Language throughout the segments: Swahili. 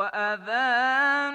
وأذان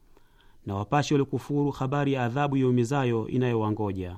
na wapashe walikufuru habari ya adhabu yaumizayo inayowangoja.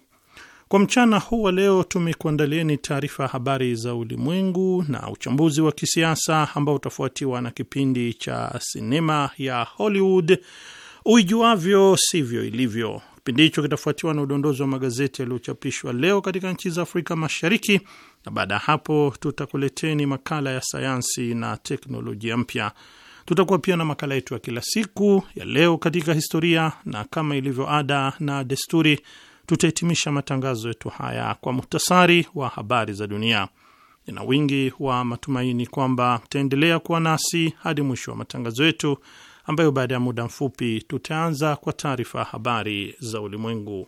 Kwa mchana huu wa leo tumekuandalieni taarifa ya habari za ulimwengu na uchambuzi wa kisiasa ambao utafuatiwa na kipindi cha sinema ya Hollywood, uijuavyo sivyo ilivyo. Kipindi hicho kitafuatiwa na udondozi wa magazeti yaliyochapishwa leo katika nchi za Afrika Mashariki, na baada ya hapo tutakuleteni makala ya sayansi na teknolojia mpya. Tutakuwa pia na makala yetu ya kila siku ya leo katika historia, na kama ilivyo ada na desturi tutahitimisha matangazo yetu haya kwa muhtasari wa habari za dunia. Nina wingi wa matumaini kwamba mtaendelea kuwa nasi hadi mwisho wa matangazo yetu, ambayo baada ya muda mfupi tutaanza kwa taarifa ya habari za ulimwengu.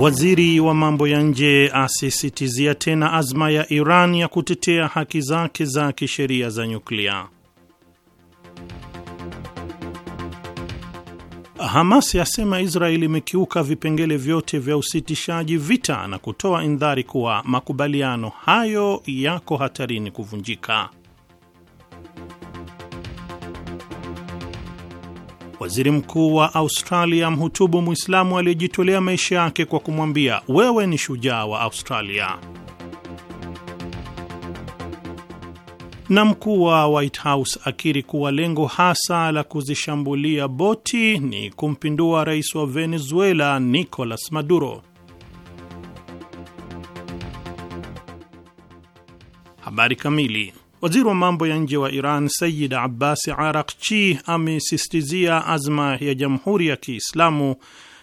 Waziri wa mambo ya nje asisitizia tena azma ya Iran ya kutetea haki zake za kisheria za nyuklia. Hamas yasema Israeli imekiuka vipengele vyote vya usitishaji vita na kutoa indhari kuwa makubaliano hayo yako hatarini kuvunjika. Waziri mkuu wa Australia mhutubu Mwislamu aliyejitolea maisha yake kwa kumwambia wewe ni shujaa wa Australia. Na mkuu wa White House akiri kuwa lengo hasa la kuzishambulia boti ni kumpindua rais wa Venezuela Nicolas Maduro. Habari kamili Waziri wa mambo ya nje wa Iran Sayid Abbas Arakchi amesistizia azma ya Jamhuri ya Kiislamu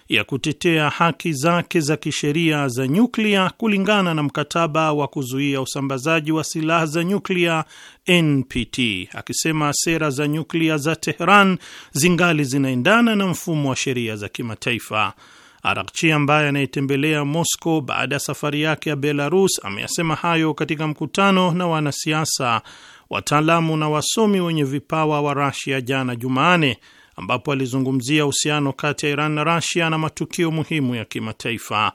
ya kutetea haki zake za kisheria za nyuklia kulingana na mkataba wa kuzuia usambazaji wa silaha za nyuklia NPT, akisema sera za nyuklia za Tehran zingali zinaendana na mfumo wa sheria za kimataifa. Arakchi ambaye anayetembelea Moscow baada ya safari yake ya Belarus ameyasema hayo katika mkutano na wanasiasa, wataalamu na wasomi wenye vipawa wa Rasia jana Jumanne, ambapo alizungumzia uhusiano kati ya Iran na Rasia na matukio muhimu ya kimataifa.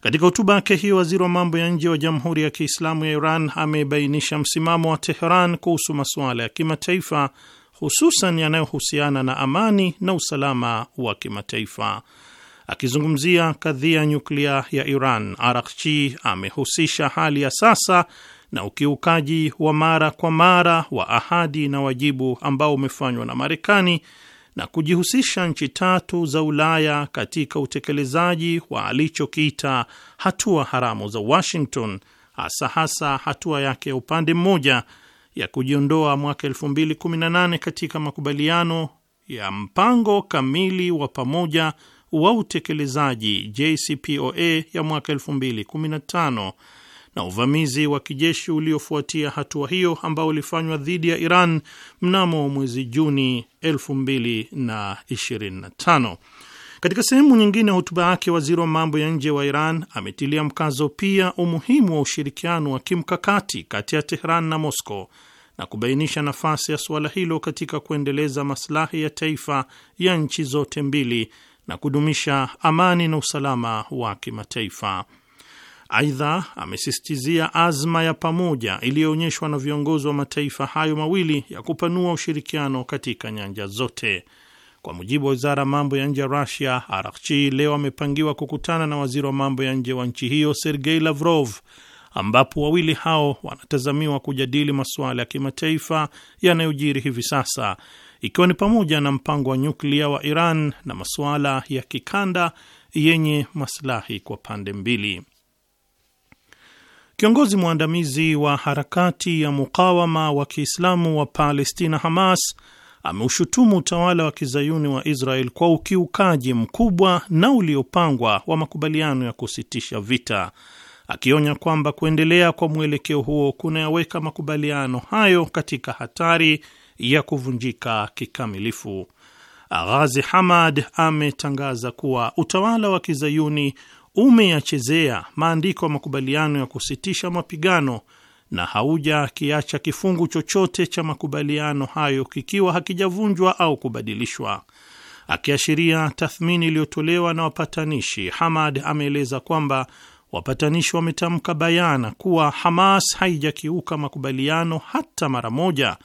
Katika hotuba yake hiyo, waziri wa mambo ya nje wa Jamhuri ya Kiislamu ya Iran amebainisha msimamo wa Teheran kuhusu masuala ya kimataifa, hususan yanayohusiana na amani na usalama wa kimataifa. Akizungumzia kadhia nyuklia ya Iran, Arakchi amehusisha hali ya sasa na ukiukaji wa mara kwa mara wa ahadi na wajibu ambao umefanywa na Marekani na kujihusisha nchi tatu za Ulaya katika utekelezaji wa alichokiita hatua haramu za Washington, hasa hasa hatua yake ya upande mmoja ya kujiondoa mwaka 2018 katika makubaliano ya mpango kamili wa pamoja wa utekelezaji JCPOA ya mwaka 2015 na uvamizi wa kijeshi uliofuatia hatua hiyo ambao ulifanywa dhidi ya Iran mnamo mwezi Juni 2025. Katika sehemu nyingine ya hotuba yake, waziri wa mambo ya nje wa Iran ametilia mkazo pia umuhimu wa ushirikiano wa kimkakati kati ya Tehran na Moscow na kubainisha nafasi ya suala hilo katika kuendeleza maslahi ya taifa ya nchi zote mbili na kudumisha amani na usalama wa kimataifa. Aidha, amesisitizia azma ya pamoja iliyoonyeshwa na viongozi wa mataifa hayo mawili ya kupanua ushirikiano katika nyanja zote. Kwa mujibu wa wizara ya mambo ya nje ya Rusia, Arakchi leo amepangiwa kukutana na waziri wa mambo ya nje wa nchi hiyo Sergei Lavrov, ambapo wawili hao wanatazamiwa kujadili masuala ya kimataifa yanayojiri hivi sasa ikiwa ni pamoja na mpango wa nyuklia wa Iran na masuala ya kikanda yenye maslahi kwa pande mbili. Kiongozi mwandamizi wa harakati ya mukawama wa Kiislamu wa Palestina, Hamas, ameushutumu utawala wa kizayuni wa Israel kwa ukiukaji mkubwa na uliopangwa wa makubaliano ya kusitisha vita, akionya kwamba kuendelea kwa mwelekeo huo kunayaweka makubaliano hayo katika hatari ya kuvunjika kikamilifu. Ghazi Hamad ametangaza kuwa utawala wa kizayuni umeyachezea maandiko ya makubaliano ya kusitisha mapigano na hauja akiacha kifungu chochote cha makubaliano hayo kikiwa hakijavunjwa au kubadilishwa. Akiashiria tathmini iliyotolewa na wapatanishi, Hamad ameeleza kwamba wapatanishi wametamka bayana kuwa Hamas haijakiuka makubaliano hata mara moja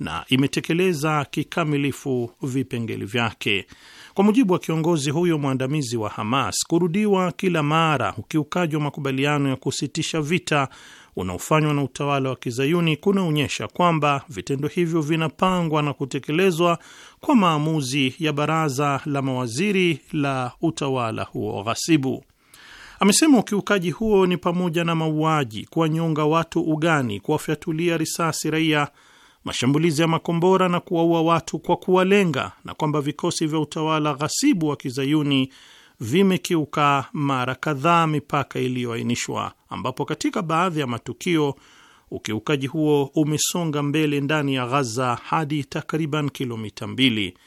na imetekeleza kikamilifu vipengele vyake. Kwa mujibu wa kiongozi huyo mwandamizi wa Hamas, kurudiwa kila mara ukiukaji wa makubaliano ya kusitisha vita unaofanywa na utawala wa kizayuni kunaonyesha kwamba vitendo hivyo vinapangwa na kutekelezwa kwa maamuzi ya baraza la mawaziri la utawala huo ghasibu. Amesema ukiukaji huo ni pamoja na mauaji, kuwanyonga watu ugani, kuwafyatulia risasi raia mashambulizi ya makombora na kuwaua watu kwa kuwalenga, na kwamba vikosi vya utawala ghasibu wa kizayuni vimekiuka mara kadhaa mipaka iliyoainishwa, ambapo katika baadhi ya matukio ukiukaji huo umesonga mbele ndani ya Ghaza hadi takriban kilomita mbili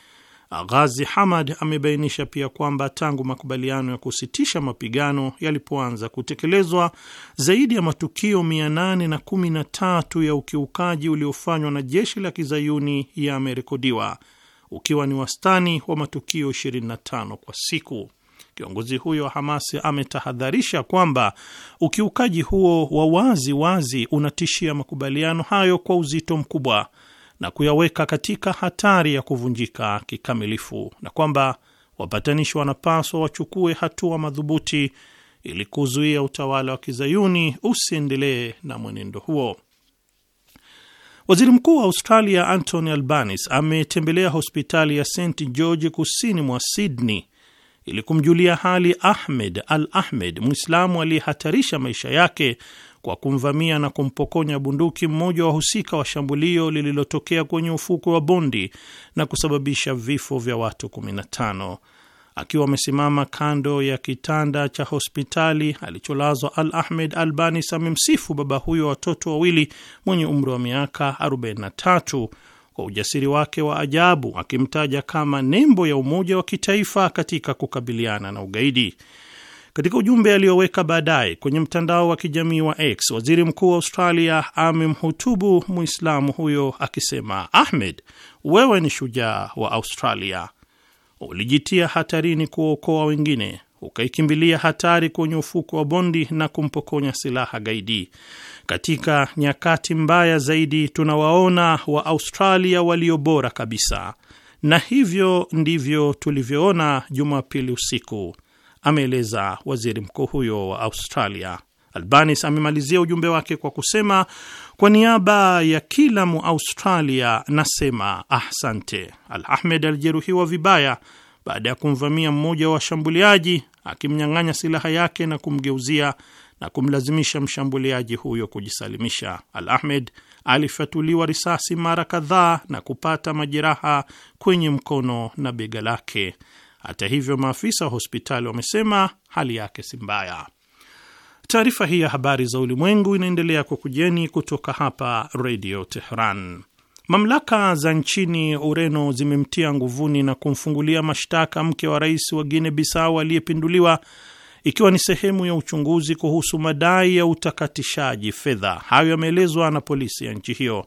Ghazi Hamad amebainisha pia kwamba tangu makubaliano ya kusitisha mapigano yalipoanza kutekelezwa, zaidi ya matukio 813 ya ukiukaji uliofanywa na jeshi la kizayuni yamerekodiwa, ukiwa ni wastani wa matukio 25 kwa siku. Kiongozi huyo wa Hamas ametahadharisha kwamba ukiukaji huo wa wazi wazi unatishia makubaliano hayo kwa uzito mkubwa na kuyaweka katika hatari ya kuvunjika kikamilifu, na kwamba wapatanishi wanapaswa wachukue hatua madhubuti ili kuzuia utawala wa kizayuni usiendelee na mwenendo huo. Waziri Mkuu wa Australia Anthony Albanese ametembelea hospitali ya St George kusini mwa Sydney ili kumjulia hali Ahmed Al Ahmed, Mwislamu aliyehatarisha maisha yake kwa kumvamia na kumpokonya bunduki mmoja wa husika wa shambulio lililotokea kwenye ufukwe wa Bondi na kusababisha vifo vya watu 15. Akiwa amesimama kando ya kitanda cha hospitali alicholazwa Al Ahmed albani amemsifu baba huyo wa watoto wawili mwenye umri wa miaka 43 kwa ujasiri wake wa ajabu, akimtaja kama nembo ya umoja wa kitaifa katika kukabiliana na ugaidi. Katika ujumbe aliyoweka baadaye kwenye mtandao wa kijamii wa X, waziri mkuu wa Australia amemhutubu Muislamu huyo akisema, Ahmed, wewe ni shujaa wa Australia, ulijitia hatarini kuwaokoa wengine, ukaikimbilia hatari kwenye ufuko wa Bondi na kumpokonya silaha gaidi. Katika nyakati mbaya zaidi, tunawaona wa Australia walio bora kabisa, na hivyo ndivyo tulivyoona Jumapili usiku ameeleza waziri mkuu huyo wa Australia. Albanis amemalizia ujumbe wake kwa kusema, kwa niaba ya kila Muaustralia nasema ahsante. Al Ahmed alijeruhiwa vibaya baada ya kumvamia mmoja wa washambuliaji akimnyang'anya silaha yake na kumgeuzia na kumlazimisha mshambuliaji huyo kujisalimisha. Al Ahmed alifyatuliwa risasi mara kadhaa na kupata majeraha kwenye mkono na bega lake. Hata hivyo, maafisa wa hospitali wamesema hali yake si mbaya. Taarifa hii ya habari za ulimwengu inaendelea kwa kujeni kutoka hapa Redio Teheran. Mamlaka za nchini Ureno zimemtia nguvuni na kumfungulia mashtaka mke wa rais wa Guinea Bissau aliyepinduliwa ikiwa ni sehemu ya uchunguzi kuhusu madai ya utakatishaji fedha. Hayo yameelezwa na polisi ya nchi hiyo.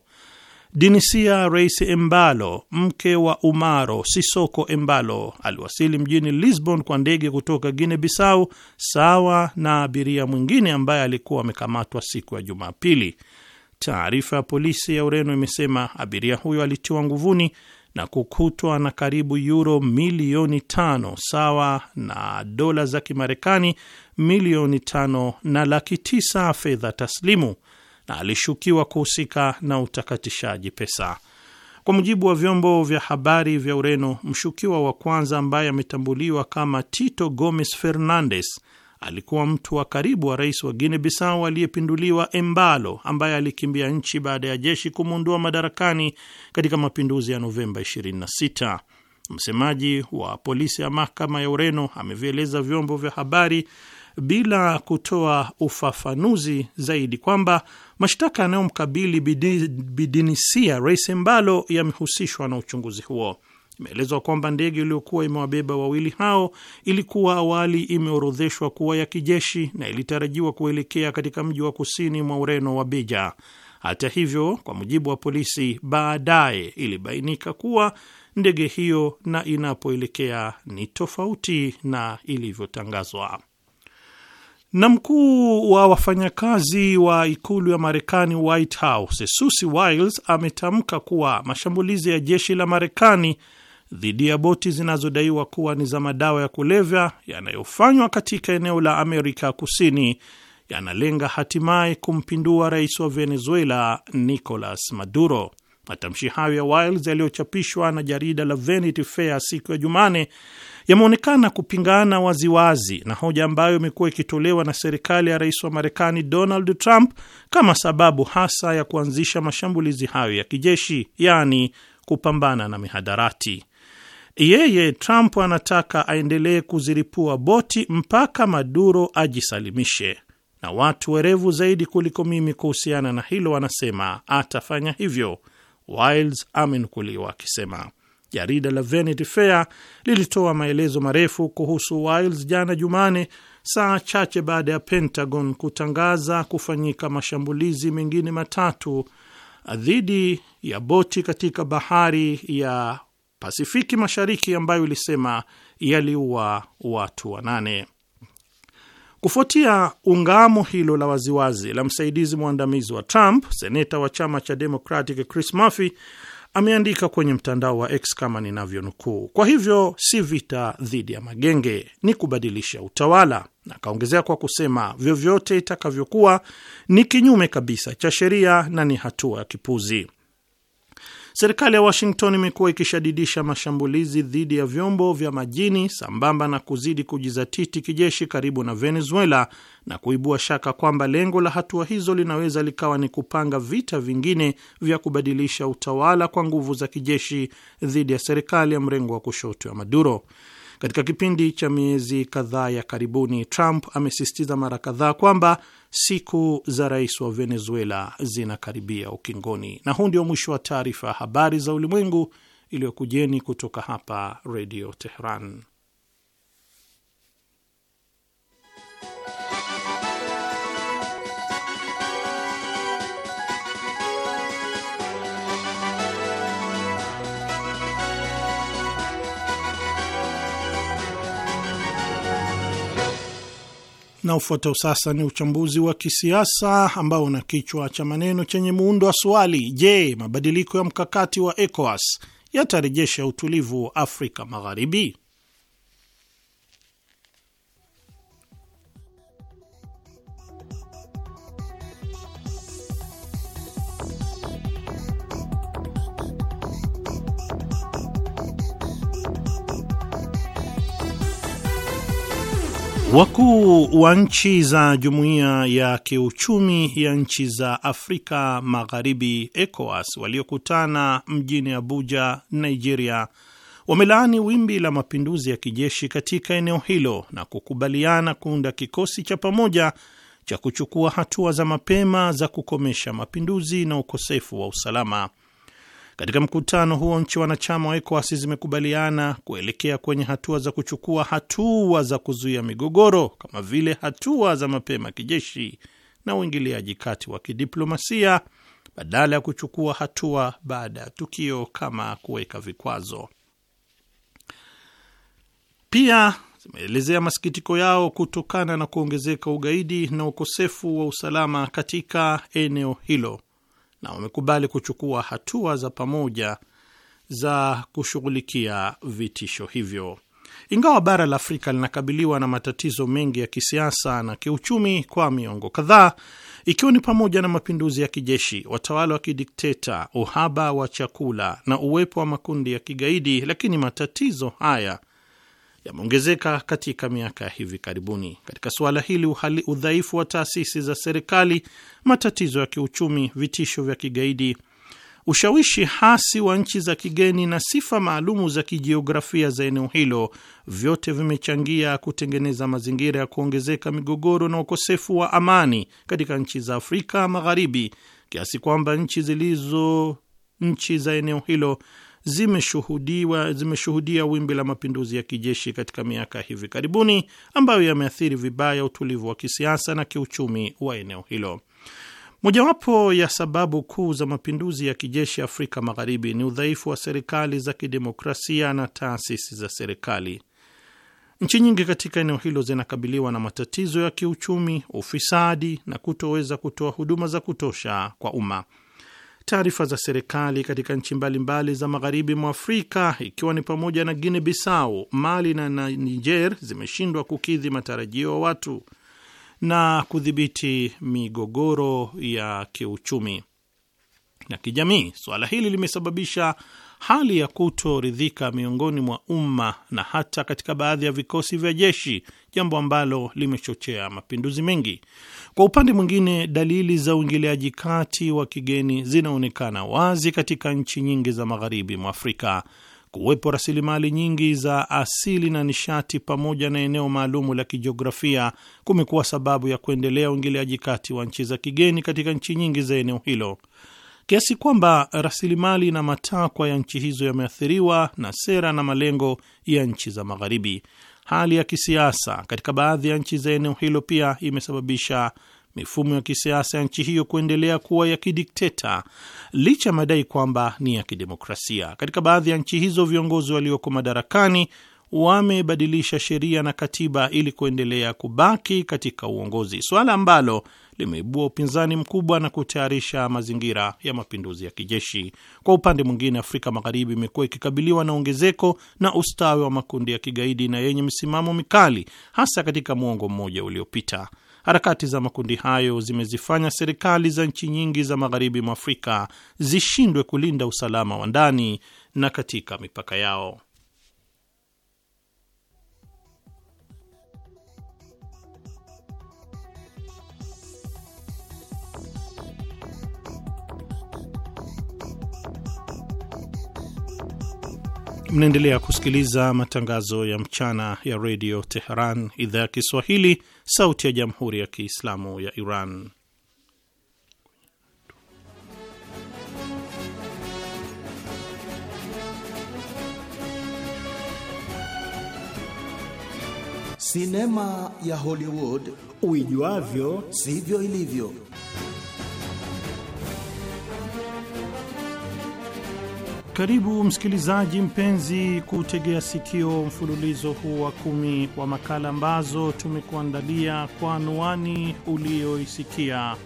Dinisia rais Embalo, mke wa Umaro Sisoko Embalo, aliwasili mjini Lisbon kwa ndege kutoka Guinea Bissau, sawa na abiria mwingine ambaye alikuwa amekamatwa siku ya Jumapili. Taarifa ya polisi ya Ureno imesema abiria huyo alitiwa nguvuni na kukutwa na karibu yuro milioni tano sawa na dola za Kimarekani milioni tano na laki tisa fedha taslimu na alishukiwa kuhusika na utakatishaji pesa. Kwa mujibu wa vyombo vya habari vya Ureno, mshukiwa wa kwanza ambaye ametambuliwa kama Tito Gomes Fernandes alikuwa mtu wa karibu wa rais wa Guinea Bissau aliyepinduliwa Embalo, ambaye alikimbia nchi baada ya jeshi kumwondoa madarakani katika mapinduzi ya Novemba 26. Msemaji wa polisi ya mahakama ya Ureno amevieleza vyombo vya habari bila kutoa ufafanuzi zaidi kwamba mashtaka yanayomkabili Bidinisia Rais mbalo yamehusishwa na uchunguzi huo. Imeelezwa kwamba ndege iliyokuwa imewabeba wawili hao ilikuwa awali imeorodheshwa kuwa ya kijeshi na ilitarajiwa kuelekea katika mji wa kusini mwa Ureno wa Bija. Hata hivyo, kwa mujibu wa polisi, baadaye ilibainika kuwa ndege hiyo na inapoelekea ni tofauti na ilivyotangazwa. Na mkuu wa wafanyakazi wa ikulu ya Marekani, White House, Susi Wiles ametamka kuwa mashambulizi ya jeshi la Marekani dhidi ya boti zinazodaiwa kuwa ni za madawa ya kulevya yanayofanywa katika eneo la Amerika Kusini yanalenga hatimaye kumpindua rais wa Venezuela Nicolas Maduro. Matamshi hayo ya Wiles yaliyochapishwa na jarida la Vanity Fair siku ya Jumane yameonekana kupingana waziwazi wazi na hoja ambayo imekuwa ikitolewa na serikali ya rais wa Marekani Donald Trump kama sababu hasa ya kuanzisha mashambulizi hayo ya kijeshi, yaani kupambana na mihadarati. Yeye Trump anataka aendelee kuziripua boti mpaka Maduro ajisalimishe, na watu werevu zaidi kuliko mimi kuhusiana na hilo wanasema atafanya hivyo. Wiles amenukuliwa akisema. Jarida la Vanity Fair lilitoa maelezo marefu kuhusu Wiles jana Jumane, saa chache baada ya Pentagon kutangaza kufanyika mashambulizi mengine matatu dhidi ya boti katika bahari ya Pasifiki Mashariki ambayo ilisema yaliua watu wanane. Kufuatia ungamo hilo la waziwazi la msaidizi mwandamizi wa Trump, seneta wa chama cha Democratic Chris Murphy ameandika kwenye mtandao wa X kama ninavyonukuu, kwa hivyo si vita dhidi ya magenge, ni kubadilisha utawala. Na akaongezea kwa kusema, vyovyote itakavyokuwa ni kinyume kabisa cha sheria na ni hatua ya kipuzi. Serikali ya Washington imekuwa ikishadidisha mashambulizi dhidi ya vyombo vya majini sambamba na kuzidi kujizatiti kijeshi karibu na Venezuela na kuibua shaka kwamba lengo la hatua hizo linaweza likawa ni kupanga vita vingine vya kubadilisha utawala kwa nguvu za kijeshi dhidi ya serikali ya mrengo wa kushoto ya Maduro. Katika kipindi cha miezi kadhaa ya karibuni, Trump amesisitiza mara kadhaa kwamba siku za rais wa Venezuela zinakaribia ukingoni. Na huu ndio mwisho wa taarifa ya habari za ulimwengu iliyokujeni kutoka hapa Redio Teheran. Na ufuatao sasa ni uchambuzi wa kisiasa ambao una kichwa cha maneno chenye muundo wa swali: Je, mabadiliko ya mkakati wa ECOWAS yatarejesha utulivu wa Afrika Magharibi? Wakuu wa nchi za jumuiya ya kiuchumi ya nchi za Afrika Magharibi, ECOWAS, waliokutana mjini Abuja, Nigeria, wamelaani wimbi la mapinduzi ya kijeshi katika eneo hilo na kukubaliana kuunda kikosi cha pamoja cha kuchukua hatua za mapema za kukomesha mapinduzi na ukosefu wa usalama. Katika mkutano huo nchi wanachama wa ECOWAS zimekubaliana kuelekea kwenye hatua za kuchukua hatua za kuzuia migogoro kama vile hatua za mapema kijeshi na uingiliaji kati wa kidiplomasia badala ya kuchukua hatua baada ya tukio kama kuweka vikwazo. Pia zimeelezea masikitiko yao kutokana na kuongezeka ugaidi na ukosefu wa usalama katika eneo hilo na wamekubali kuchukua hatua za pamoja za kushughulikia vitisho hivyo. Ingawa bara la Afrika linakabiliwa na matatizo mengi ya kisiasa na kiuchumi kwa miongo kadhaa, ikiwa ni pamoja na mapinduzi ya kijeshi, watawala wa kidikteta, uhaba wa chakula na uwepo wa makundi ya kigaidi, lakini matatizo haya yameongezeka katika miaka ya hivi karibuni. Katika suala hili, uhali udhaifu wa taasisi za serikali, matatizo ya kiuchumi, vitisho vya kigaidi, ushawishi hasi wa nchi za kigeni na sifa maalumu za kijiografia za eneo hilo, vyote vimechangia kutengeneza mazingira ya kuongezeka migogoro na ukosefu wa amani katika nchi za Afrika Magharibi, kiasi kwamba nchi zilizo nchi za eneo hilo zimeshuhudiwa zimeshuhudia wimbi la mapinduzi ya kijeshi katika miaka hivi karibuni ambayo yameathiri vibaya utulivu wa kisiasa na kiuchumi wa eneo hilo. Mojawapo ya sababu kuu za mapinduzi ya kijeshi Afrika Magharibi ni udhaifu wa serikali za kidemokrasia na taasisi za serikali. Nchi nyingi katika eneo hilo zinakabiliwa na matatizo ya kiuchumi, ufisadi na kutoweza kutoa huduma za kutosha kwa umma taarifa za serikali katika nchi mbalimbali za magharibi mwa Afrika ikiwa ni pamoja na Guinea Bissau, Mali na Niger zimeshindwa kukidhi matarajio ya watu na kudhibiti migogoro ya kiuchumi na kijamii. Suala hili limesababisha hali ya kutoridhika miongoni mwa umma na hata katika baadhi ya vikosi vya jeshi, jambo ambalo limechochea mapinduzi mengi. Kwa upande mwingine, dalili za uingiliaji kati wa kigeni zinaonekana wazi katika nchi nyingi za magharibi mwa Afrika. Kuwepo rasilimali nyingi za asili na nishati pamoja na eneo maalumu la kijiografia kumekuwa sababu ya kuendelea uingiliaji kati wa nchi za kigeni katika nchi nyingi za eneo hilo kiasi kwamba rasilimali na matakwa ya nchi hizo yameathiriwa na sera na malengo ya nchi za Magharibi. Hali ya kisiasa katika baadhi ya nchi za eneo hilo pia imesababisha mifumo ya kisiasa ya nchi hiyo kuendelea kuwa ya kidikteta licha ya madai kwamba ni ya kidemokrasia. Katika baadhi ya nchi hizo, viongozi walioko madarakani wamebadilisha sheria na katiba ili kuendelea kubaki katika uongozi, suala ambalo limeibua upinzani mkubwa na kutayarisha mazingira ya mapinduzi ya kijeshi. Kwa upande mwingine, Afrika Magharibi imekuwa ikikabiliwa na ongezeko na ustawi wa makundi ya kigaidi na yenye misimamo mikali, hasa katika mwongo mmoja uliopita. Harakati za makundi hayo zimezifanya serikali za nchi nyingi za magharibi mwa Afrika zishindwe kulinda usalama wa ndani na katika mipaka yao. Mnaendelea kusikiliza matangazo ya mchana ya redio Teheran, idhaa ya Kiswahili, sauti ya jamhuri ya kiislamu ya Iran. Sinema ya Hollywood uijuavyo sivyo ilivyo. Karibu msikilizaji mpenzi kutegea sikio mfululizo huu wa kumi wa makala ambazo tumekuandalia kwa anwani uliyoisikia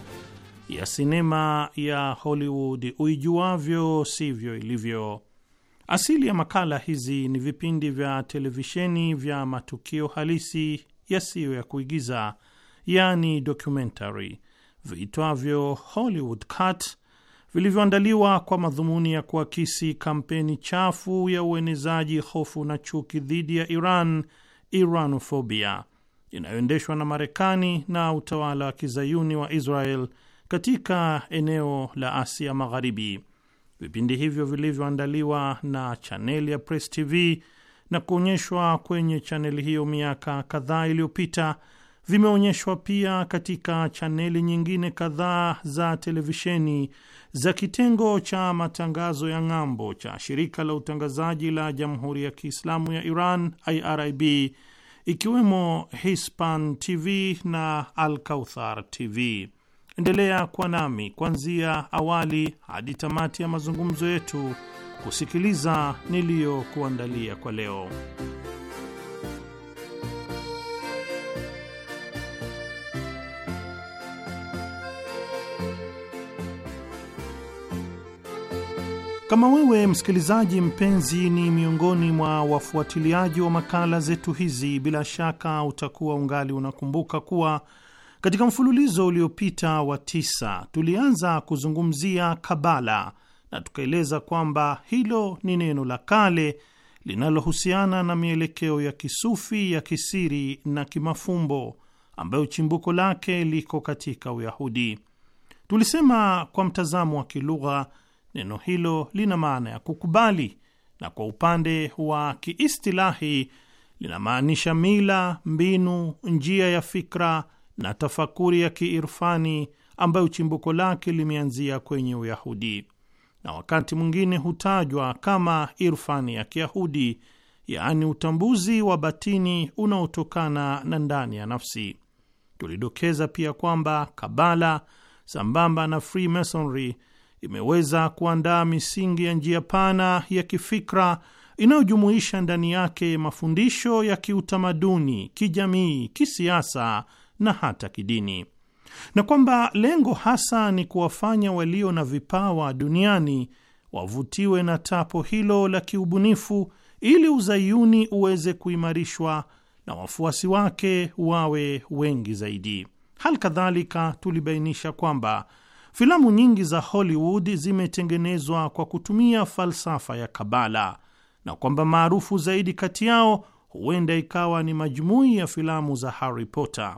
ya sinema ya Hollywood uijuavyo sivyo ilivyo. Asili ya makala hizi ni vipindi vya televisheni vya matukio halisi yasiyo ya kuigiza, yani documentary, viitwavyo Hollywood Cut vilivyoandaliwa kwa madhumuni ya kuakisi kampeni chafu ya uenezaji hofu na chuki dhidi ya Iran, Iranofobia, inayoendeshwa na Marekani na utawala wa kizayuni wa Israel katika eneo la Asia Magharibi. Vipindi hivyo vilivyoandaliwa na chaneli ya Press TV na kuonyeshwa kwenye chaneli hiyo miaka kadhaa iliyopita vimeonyeshwa pia katika chaneli nyingine kadhaa za televisheni za kitengo cha matangazo ya ng'ambo cha shirika la utangazaji la Jamhuri ya Kiislamu ya Iran IRIB ikiwemo Hispan TV na Al-Kauthar TV. Endelea kuwa nami kuanzia awali hadi tamati ya mazungumzo yetu kusikiliza niliyokuandalia kwa leo. Kama wewe msikilizaji mpenzi ni miongoni mwa wafuatiliaji wa makala zetu hizi, bila shaka utakuwa ungali unakumbuka kuwa katika mfululizo uliopita wa tisa tulianza kuzungumzia kabala na tukaeleza kwamba hilo ni neno la kale linalohusiana na mielekeo ya kisufi ya kisiri na kimafumbo ambayo chimbuko lake liko katika Uyahudi. Tulisema kwa mtazamo wa kilugha neno hilo lina maana ya kukubali, na kwa upande wa kiistilahi linamaanisha mila, mbinu, njia ya fikra na tafakuri ya kiirfani ambayo chimbuko lake limeanzia kwenye Uyahudi na wakati mwingine hutajwa kama irfani ya Kiyahudi, yaani utambuzi wa batini unaotokana na ndani ya nafsi. Tulidokeza pia kwamba Kabala sambamba na Freemasonry imeweza kuandaa misingi ya njia pana ya kifikra inayojumuisha ndani yake mafundisho ya kiutamaduni, kijamii, kisiasa na hata kidini, na kwamba lengo hasa ni kuwafanya walio na vipawa duniani wavutiwe na tapo hilo la kiubunifu ili uzayuni uweze kuimarishwa na wafuasi wake wawe wengi zaidi. Hali kadhalika tulibainisha kwamba Filamu nyingi za Hollywood zimetengenezwa kwa kutumia falsafa ya Kabala na kwamba maarufu zaidi kati yao huenda ikawa ni majumui ya filamu za Harry Potter,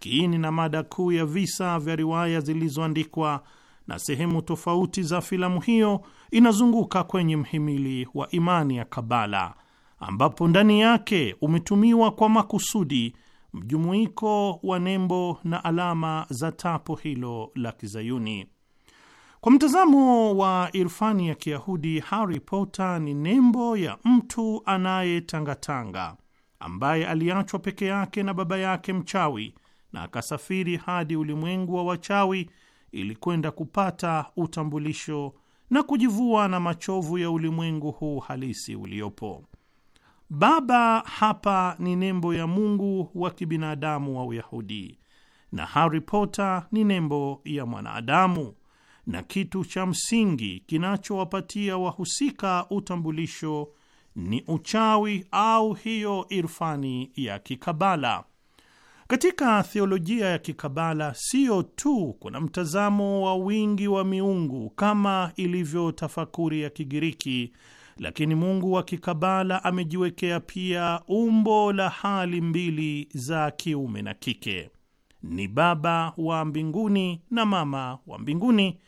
kiini na mada kuu ya visa vya riwaya zilizoandikwa na sehemu tofauti za filamu hiyo inazunguka kwenye mhimili wa imani ya Kabala ambapo ndani yake umetumiwa kwa makusudi mjumuiko wa nembo na alama za tapo hilo la Kizayuni. Kwa mtazamo wa irfani ya Kiyahudi, Harry Potter ni nembo ya mtu anayetangatanga ambaye aliachwa peke yake na baba yake mchawi na akasafiri hadi ulimwengu wa wachawi ili kwenda kupata utambulisho na kujivua na machovu ya ulimwengu huu halisi uliopo. Baba hapa ni nembo ya Mungu wa kibinadamu wa Uyahudi, na Harry Potter ni nembo ya mwanadamu, na kitu cha msingi kinachowapatia wahusika utambulisho ni uchawi au hiyo irfani ya kikabala. Katika theolojia ya kikabala, siyo tu kuna mtazamo wa wingi wa miungu kama ilivyo tafakuri ya Kigiriki lakini Mungu wa kikabala amejiwekea pia umbo la hali mbili za kiume na kike, ni baba wa mbinguni na mama wa mbinguni,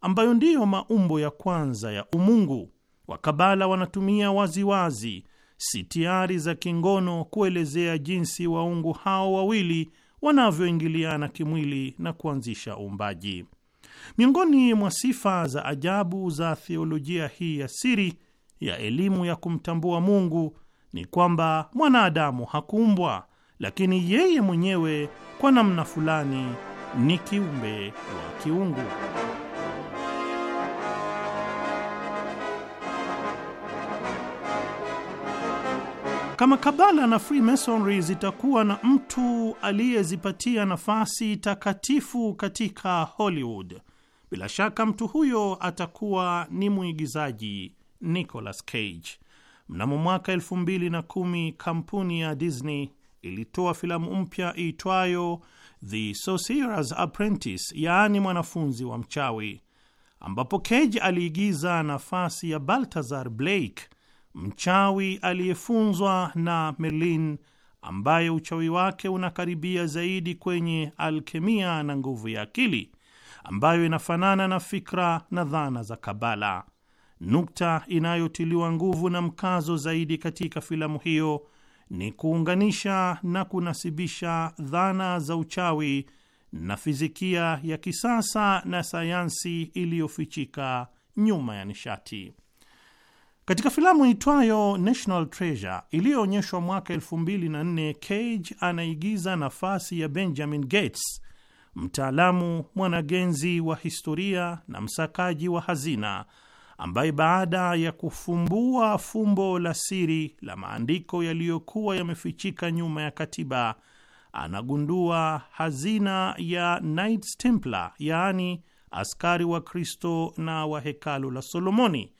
ambayo ndiyo maumbo ya kwanza ya umungu. Wakabala wanatumia waziwazi sitiari za kingono kuelezea jinsi waungu hao wawili wanavyoingiliana kimwili na kuanzisha uumbaji. Miongoni mwa sifa za ajabu za theolojia hii ya siri ya elimu ya kumtambua Mungu ni kwamba mwanadamu hakuumbwa, lakini yeye mwenyewe kwa namna fulani ni kiumbe wa kiungu. Kama Kabala na Freemasonry zitakuwa na mtu aliyezipatia nafasi takatifu katika Hollywood, bila shaka mtu huyo atakuwa ni mwigizaji Nicolas Cage. Mnamo mwaka elfu mbili na kumi kampuni ya Disney ilitoa filamu mpya iitwayo The Sorcerer's Apprentice, yaani mwanafunzi wa mchawi, ambapo Cage aliigiza nafasi ya Baltazar Blake, mchawi aliyefunzwa na Merlin ambaye uchawi wake unakaribia zaidi kwenye alkemia na nguvu ya akili ambayo inafanana na fikra na dhana za Kabala. Nukta inayotiliwa nguvu na mkazo zaidi katika filamu hiyo ni kuunganisha na kunasibisha dhana za uchawi na fizikia ya kisasa na sayansi iliyofichika nyuma ya nishati. Katika filamu itwayo National Treasure iliyoonyeshwa mwaka 2004, Cage anaigiza nafasi ya Benjamin Gates, mtaalamu mwanagenzi wa historia na msakaji wa hazina ambaye baada ya kufumbua fumbo la siri la maandiko yaliyokuwa yamefichika nyuma ya katiba anagundua hazina ya Knights Templar, yaani askari wa Kristo na wa hekalu la Solomoni,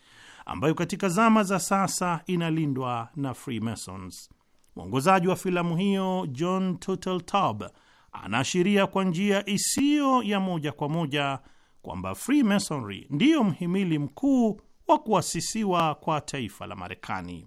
ambayo katika zama za sasa inalindwa na Freemasons. Mwongozaji wa filamu hiyo John Turteltaub anaashiria kwa njia isiyo ya moja kwa moja kwamba Freemasonry ndiyo mhimili mkuu wa kuasisiwa kwa taifa la Marekani.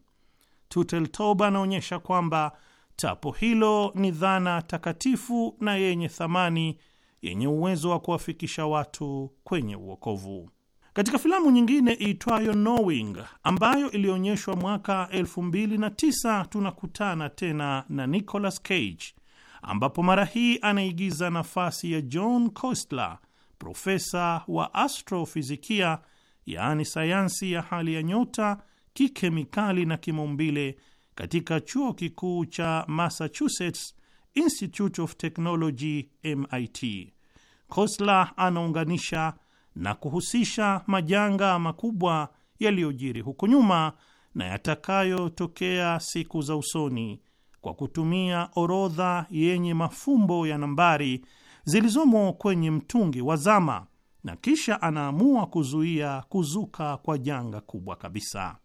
tuteltob anaonyesha kwamba tapo hilo ni dhana takatifu na yenye thamani yenye uwezo wa kuwafikisha watu kwenye uokovu. Katika filamu nyingine iitwayo Knowing ambayo ilionyeshwa mwaka 2009 tunakutana tena na Nicolas Cage, ambapo mara hii anaigiza nafasi ya John Costler profesa wa astrofizikia, yaani sayansi ya hali ya nyota, kikemikali na kimaumbile katika chuo kikuu cha Massachusetts Institute of Technology MIT. Kosler anaunganisha na kuhusisha majanga makubwa yaliyojiri huko nyuma na yatakayotokea siku za usoni kwa kutumia orodha yenye mafumbo ya nambari zilizomo kwenye mtungi wa zama, na kisha anaamua kuzuia kuzuka kwa janga kubwa kabisa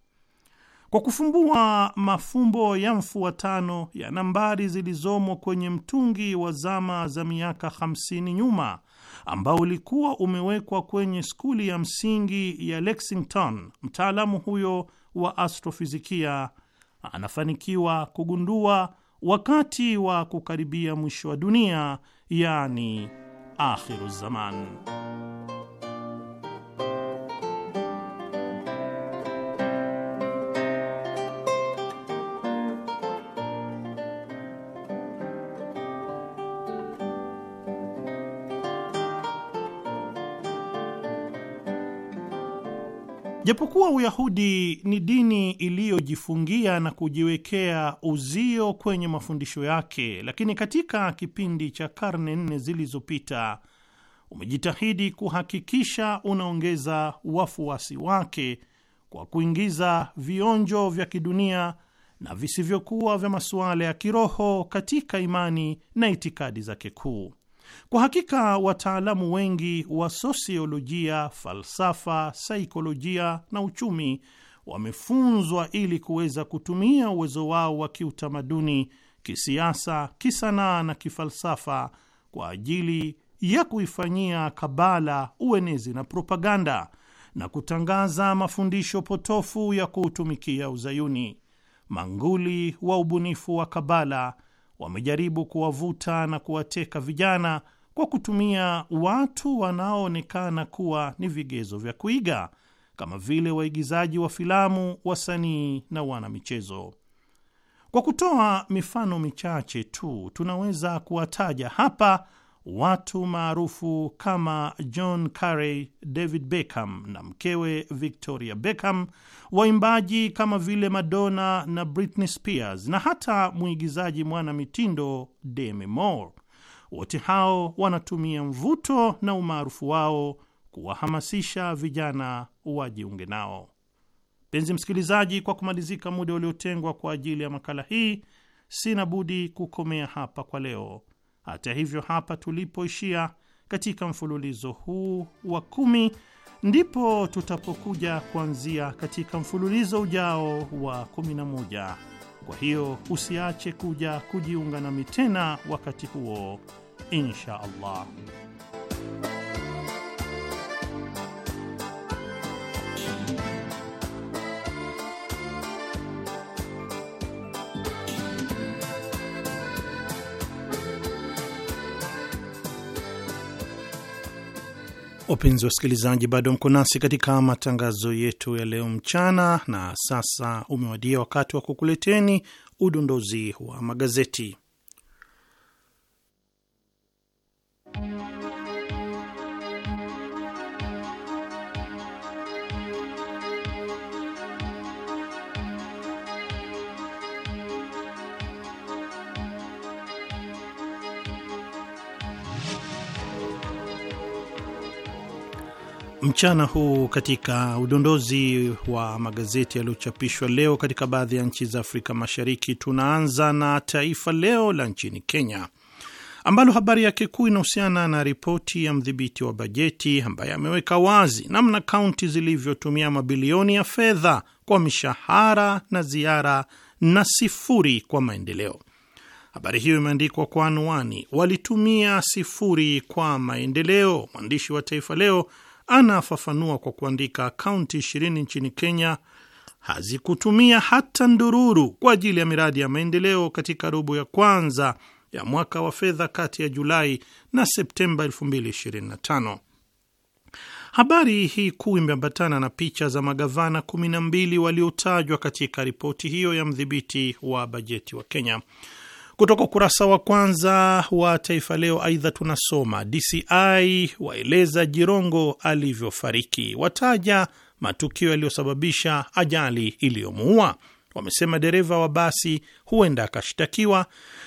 kwa kufumbua mafumbo ya mfuatano ya nambari zilizomo kwenye mtungi wa zama za miaka 50 nyuma ambao ulikuwa umewekwa kwenye skuli ya msingi ya Lexington. Mtaalamu huyo wa astrofizikia anafanikiwa kugundua wakati wa kukaribia mwisho wa dunia, yani akhiru zaman. Japokuwa Uyahudi ni dini iliyojifungia na kujiwekea uzio kwenye mafundisho yake, lakini katika kipindi cha karne nne zilizopita umejitahidi kuhakikisha unaongeza wafuasi wake kwa kuingiza vionjo vya kidunia na visivyokuwa vya masuala ya kiroho katika imani na itikadi zake kuu. Kwa hakika wataalamu wengi wa sosiolojia, falsafa, saikolojia na uchumi wamefunzwa ili kuweza kutumia uwezo wao wa kiutamaduni, kisiasa, kisanaa na kifalsafa kwa ajili ya kuifanyia kabala uenezi na propaganda na kutangaza mafundisho potofu ya kuutumikia Uzayuni. Manguli wa ubunifu wa kabala wamejaribu kuwavuta na kuwateka vijana kwa kutumia watu wanaoonekana kuwa ni vigezo vya kuiga kama vile waigizaji wa filamu, wasanii na wanamichezo. Kwa kutoa mifano michache tu, tunaweza kuwataja hapa watu maarufu kama John Carey, David Beckham na mkewe Victoria Beckham, waimbaji kama vile Madonna na Britney Spears na hata mwigizaji mwanamitindo Demi Moore. Wote hao wanatumia mvuto na umaarufu wao kuwahamasisha vijana wajiunge nao. Mpenzi msikilizaji, kwa kumalizika muda uliotengwa kwa ajili ya makala hii, sina budi kukomea hapa kwa leo. Hata hivyo, hapa tulipoishia katika mfululizo huu wa kumi ndipo tutapokuja kuanzia katika mfululizo ujao wa 11. Kwa hiyo usiache kuja kujiunga nami tena wakati huo, insha Allah. Wapenzi wasikilizaji, bado mko nasi katika matangazo yetu ya leo mchana, na sasa umewadia wakati wa kukuleteni udondozi wa magazeti. mchana huu katika udondozi wa magazeti yaliyochapishwa leo katika baadhi ya nchi za Afrika Mashariki. Tunaanza na Taifa Leo la nchini Kenya, ambalo habari yake kuu inahusiana na ripoti ya mdhibiti wa bajeti ambaye ameweka wazi namna kaunti zilivyotumia mabilioni ya fedha kwa mishahara na ziara na sifuri kwa maendeleo. Habari hiyo imeandikwa kwa anwani walitumia sifuri kwa maendeleo. Mwandishi wa Taifa Leo anafafanua kwa kuandika, kaunti ishirini nchini Kenya hazikutumia hata ndururu kwa ajili ya miradi ya maendeleo katika robo ya kwanza ya mwaka wa fedha kati ya Julai na Septemba 2025. Habari hii kuu imeambatana na picha za magavana 12 waliotajwa katika ripoti hiyo ya mdhibiti wa bajeti wa Kenya. Kutoka ukurasa wa kwanza wa Taifa Leo. Aidha tunasoma DCI waeleza Jirongo alivyofariki, wataja matukio yaliyosababisha ajali iliyomuua, wamesema dereva wa basi huenda akashtakiwa.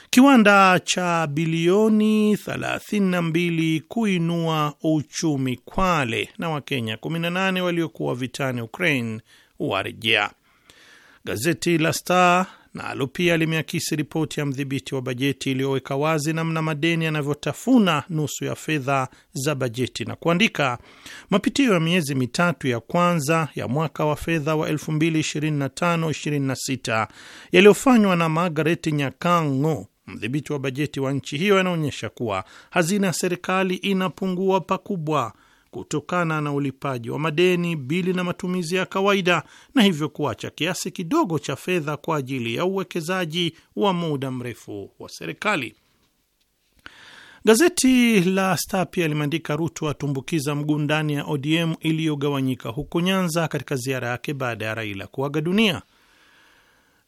Kiwanda cha bilioni 32 kuinua uchumi Kwale, na Wakenya 18 waliokuwa vitani Ukraine warejea. Gazeti la Star nalo pia limeakisi ripoti ya mdhibiti wa bajeti iliyoweka wazi namna madeni yanavyotafuna nusu ya fedha za bajeti na kuandika, mapitio ya miezi mitatu ya kwanza ya mwaka wa fedha wa 2025/26 yaliyofanywa na Margaret Nyakango, mdhibiti wa bajeti wa nchi hiyo, yanaonyesha kuwa hazina ya serikali inapungua pakubwa kutokana na ulipaji wa madeni, bili na matumizi ya kawaida, na hivyo kuacha kiasi kidogo cha fedha kwa ajili ya uwekezaji wa muda mrefu wa serikali. Gazeti la Star pia limeandika Ruto atumbukiza mguu ndani ya ODM iliyogawanyika huko Nyanza katika ziara yake baada ya Raila kuaga dunia.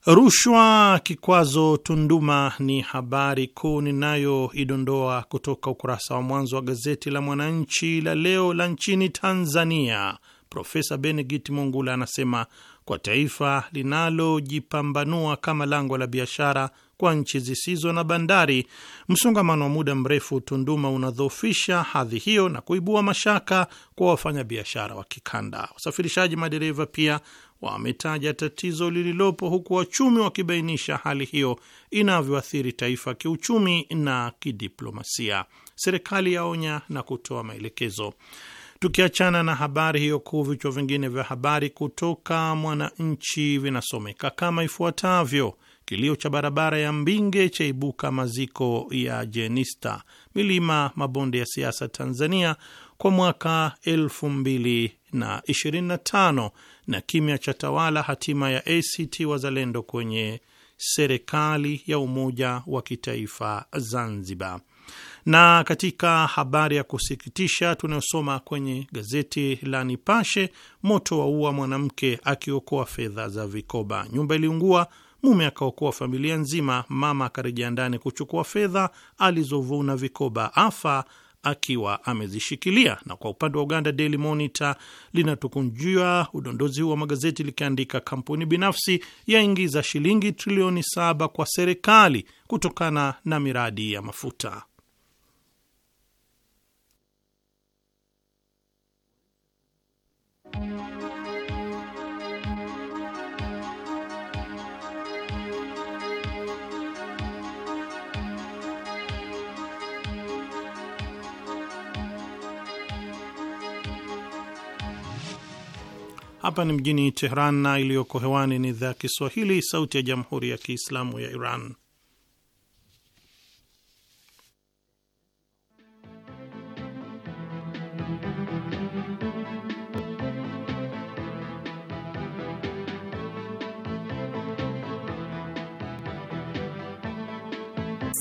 Rushwa kikwazo Tunduma ni habari kuu ninayoidondoa kutoka ukurasa wa mwanzo wa gazeti la Mwananchi la leo la nchini Tanzania. Profesa Benedict Mungula anasema kwa taifa linalojipambanua kama lango la biashara kwa nchi zisizo na bandari, msongamano wa muda mrefu Tunduma unadhoofisha hadhi hiyo na kuibua mashaka kwa wafanyabiashara wa kikanda. Wasafirishaji madereva pia wametaja tatizo lililopo, huku wachumi wakibainisha hali hiyo inavyoathiri taifa kiuchumi na kidiplomasia. Serikali yaonya na kutoa maelekezo. Tukiachana na habari hiyo kuu, vichwa vingine vya habari kutoka Mwananchi vinasomeka kama ifuatavyo: Kilio cha barabara ya Mbinge chaibuka maziko ya Jenista. Milima mabonde ya siasa Tanzania kwa mwaka 2025 na kimya cha tawala hatima ya ACT Wazalendo kwenye serikali ya umoja wa kitaifa Zanzibar. Na katika habari ya kusikitisha tunayosoma kwenye gazeti la Nipashe, moto wa ua mwanamke akiokoa fedha za vikoba. Nyumba iliungua, mume akaokoa familia nzima, mama akarejea ndani kuchukua fedha alizovuna vikoba, afa akiwa amezishikilia. Na kwa upande wa Uganda, Daily Monitor linatukunjua udondozi huu wa magazeti likiandika, kampuni binafsi yaingiza shilingi trilioni saba kwa serikali kutokana na miradi ya mafuta. Hapa ni mjini Tehran na iliyoko hewani ni idhaa ya Kiswahili, sauti ya jamhuri ya kiislamu ya Iran.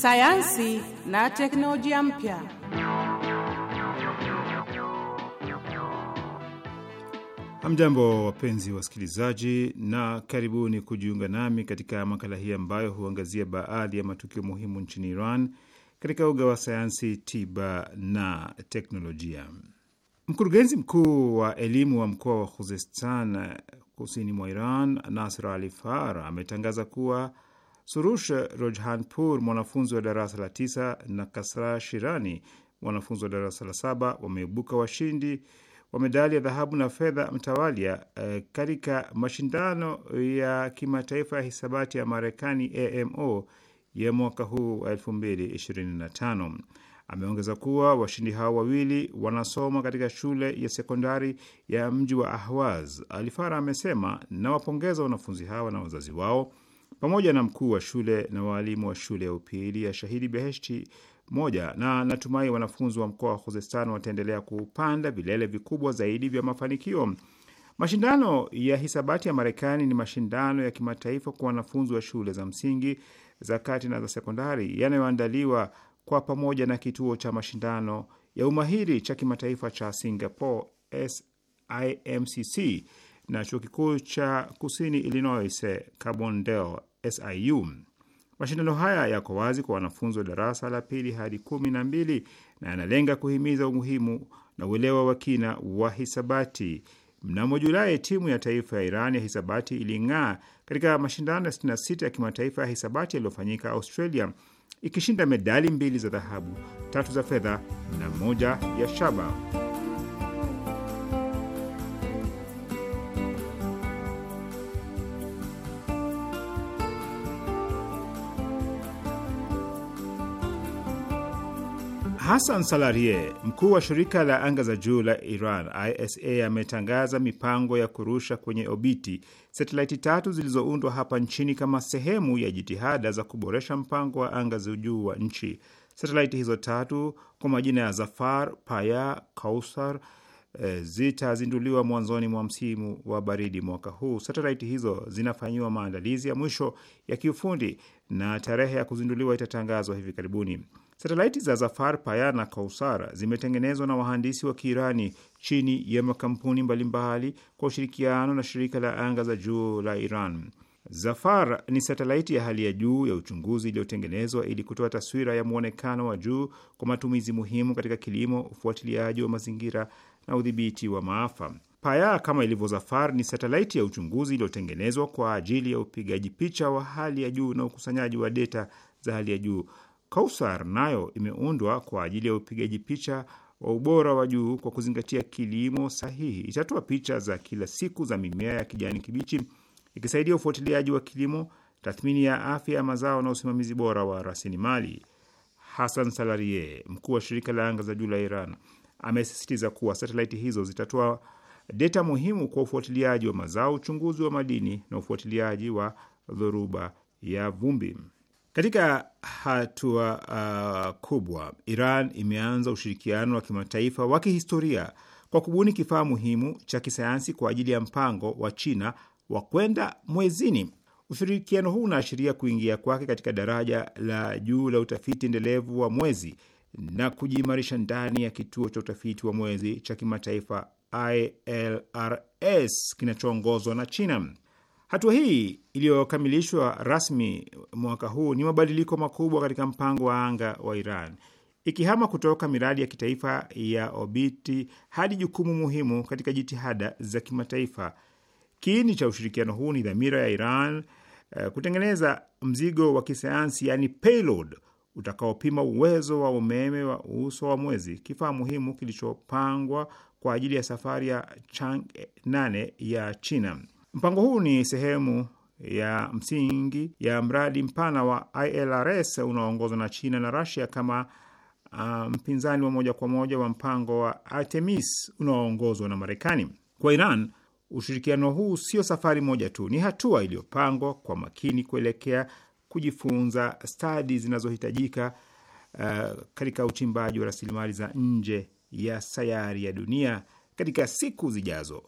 Sayansi na teknolojia mpya. Hamjambo, wapenzi wasikilizaji, na karibuni kujiunga nami katika makala hii ambayo huangazia baadhi ya matukio muhimu nchini Iran katika uga wa sayansi, tiba na teknolojia. Mkurugenzi mkuu wa elimu wa mkoa wa Khuzestan kusini mwa Iran, Nasr Ali Far ametangaza kuwa Surush Rojhanpur, mwanafunzi wa darasa la tisa, na Kasra Shirani, mwanafunzi wa darasa la saba, wameibuka washindi wa medali ya dhahabu na fedha mtawalia eh, katika mashindano ya kimataifa ya hisabati ya Marekani AMO ya mwaka huu wa 2025. Ameongeza kuwa washindi hao wawili wanasoma katika shule ya sekondari ya mji wa Ahwaz. Alifara amesema, nawapongeza wanafunzi hawa na wazazi wao pamoja na mkuu wa shule na waalimu wa shule ya upili ya Shahidi Beheshti moja, na natumai wanafunzi wa mkoa wa Khuzestan wataendelea kupanda vilele vikubwa zaidi vya mafanikio. Mashindano ya hisabati ya Marekani ni mashindano ya kimataifa kwa wanafunzi wa shule za msingi za kati na za sekondari yanayoandaliwa kwa pamoja na kituo cha mashindano ya umahiri cha kimataifa cha Singapore SIMCC na chuo kikuu cha kusini Illinois Carbondale SIU. Mashindano haya yako wazi kwa wanafunzi wa darasa la pili hadi kumi na mbili na yanalenga kuhimiza umuhimu na uelewa wa kina wa hisabati. Mnamo Julai, timu ya taifa ya Iran ya hisabati iling'aa katika mashindano ya 66 ya kimataifa ya hisabati yaliyofanyika Australia, ikishinda medali mbili za dhahabu, tatu za fedha na moja ya shaba. Hassan Salarie, mkuu wa shirika la anga za juu la Iran ISA, ametangaza mipango ya kurusha kwenye obiti satelaiti tatu zilizoundwa hapa nchini kama sehemu ya jitihada za kuboresha mpango wa anga za juu wa nchi. Satelaiti hizo tatu kwa majina ya Zafar, Paya, Kausar eh, zitazinduliwa mwanzoni mwa msimu wa baridi mwaka huu. Satelaiti hizo zinafanyiwa maandalizi ya mwisho ya kiufundi na tarehe ya kuzinduliwa itatangazwa hivi karibuni. Satelaiti za Zafar, Paya na Kausara zimetengenezwa na wahandisi wa Kiirani chini ya makampuni mbalimbali kwa ushirikiano na shirika la anga za juu la Iran. Zafar ni satelaiti ya hali ya juu ya uchunguzi iliyotengenezwa ili kutoa taswira ya mwonekano wa juu kwa matumizi muhimu katika kilimo, ufuatiliaji wa mazingira na udhibiti wa maafa. Paya, kama ilivyo Zafar, ni satelaiti ya uchunguzi iliyotengenezwa kwa ajili ya upigaji picha wa hali ya juu na ukusanyaji wa deta za hali ya juu. Kausar nayo imeundwa kwa ajili ya upigaji picha wa ubora wa juu kwa kuzingatia kilimo sahihi. Itatoa picha za kila siku za mimea ya kijani kibichi, ikisaidia ufuatiliaji wa kilimo, tathmini ya afya ya mazao na usimamizi bora wa rasilimali. Hassan Salarie, mkuu wa shirika la anga za juu la Iran, amesisitiza kuwa satelaiti hizo zitatoa deta muhimu kwa ufuatiliaji wa mazao, uchunguzi wa madini na ufuatiliaji wa dhoruba ya vumbi. Katika hatua uh, kubwa Iran imeanza ushirikiano wa kimataifa wa kihistoria kwa kubuni kifaa muhimu cha kisayansi kwa ajili ya mpango wa China wa kwenda mwezini. Ushirikiano huu unaashiria kuingia kwake katika daraja la juu la utafiti endelevu wa mwezi na kujiimarisha ndani ya kituo cha utafiti wa mwezi cha kimataifa ILRS kinachoongozwa na China. Hatua hii iliyokamilishwa rasmi mwaka huu ni mabadiliko makubwa katika mpango wa anga wa Iran, ikihama kutoka miradi ya kitaifa ya obiti hadi jukumu muhimu katika jitihada za kimataifa. Kiini cha ushirikiano huu ni dhamira ya Iran eh, kutengeneza mzigo wa kisayansi yani payload utakaopima uwezo wa umeme wa uso wa mwezi, kifaa muhimu kilichopangwa kwa ajili ya safari ya Chang 8 ya China. Mpango huu ni sehemu ya msingi ya mradi mpana wa ILRS unaoongozwa na China na Rasia kama ah, mpinzani um, wa moja kwa moja wa mpango wa Artemis unaoongozwa na Marekani. Kwa Iran, ushirikiano huu sio safari moja tu, ni hatua iliyopangwa kwa makini kuelekea kujifunza stadi zinazohitajika uh, katika uchimbaji wa rasilimali za nje ya sayari ya dunia katika siku zijazo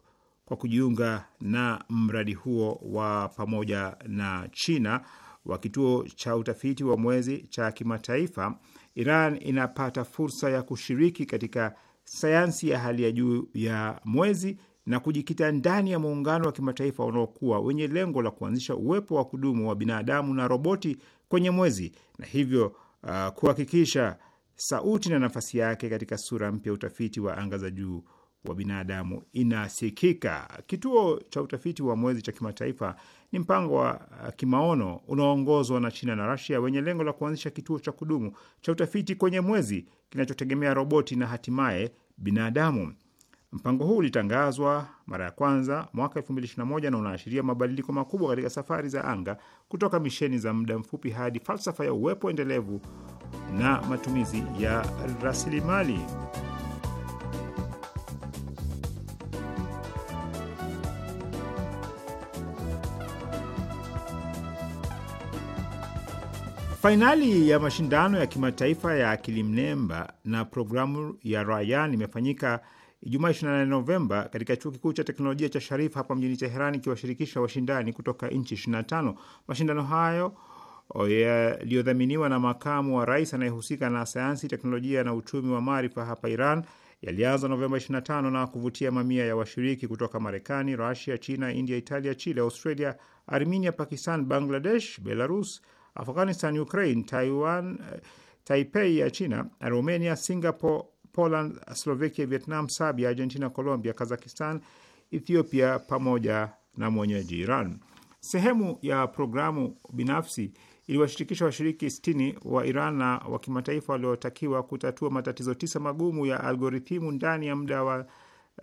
kwa kujiunga na mradi huo wa pamoja na China wa kituo cha utafiti wa mwezi cha kimataifa, Iran inapata fursa ya kushiriki katika sayansi ya hali ya juu ya mwezi na kujikita ndani ya muungano wa kimataifa unaokuwa wenye lengo la kuanzisha uwepo wa kudumu wa binadamu na roboti kwenye mwezi na hivyo uh, kuhakikisha sauti na nafasi yake katika sura mpya utafiti wa anga za juu wa binadamu inasikika. Kituo cha utafiti wa mwezi cha kimataifa ni mpango wa uh, kimaono unaoongozwa na China na Rasia wenye lengo la kuanzisha kituo cha kudumu cha utafiti kwenye mwezi kinachotegemea roboti na hatimaye binadamu. Mpango huu ulitangazwa mara ya kwanza mwaka 2021 na unaashiria mabadiliko makubwa katika safari za anga kutoka misheni za muda mfupi hadi falsafa ya uwepo endelevu na matumizi ya rasilimali. Fainali ya mashindano ya kimataifa ya akili mnemba na programu ya Rayan imefanyika Ijumaa 28 Novemba katika chuo kikuu cha teknolojia cha Sharif hapa mjini Teheran, ikiwashirikisha washindani kutoka nchi 25. Mashindano hayo oh, yaliyodhaminiwa na makamu wa rais anayehusika na sayansi, teknolojia na uchumi wa maarifa hapa Iran yalianza Novemba 25 na kuvutia mamia ya washiriki kutoka Marekani, Rusia, China, India, Italia, Chile, Australia, Armenia, Pakistan, Bangladesh, Belarus, Afghanistan, Ukraine, Taiwan, eh, Taipei ya China, Romania, Singapore, Poland, Slovakia, Vietnam, Sabia, Argentina, Colombia, Kazakistan, Ethiopia pamoja na mwenyeji Iran. Sehemu ya programu binafsi iliwashirikisha washiriki 60 wa Iran na wa kimataifa waliotakiwa kutatua matatizo tisa magumu ya algorithimu ndani ya muda wa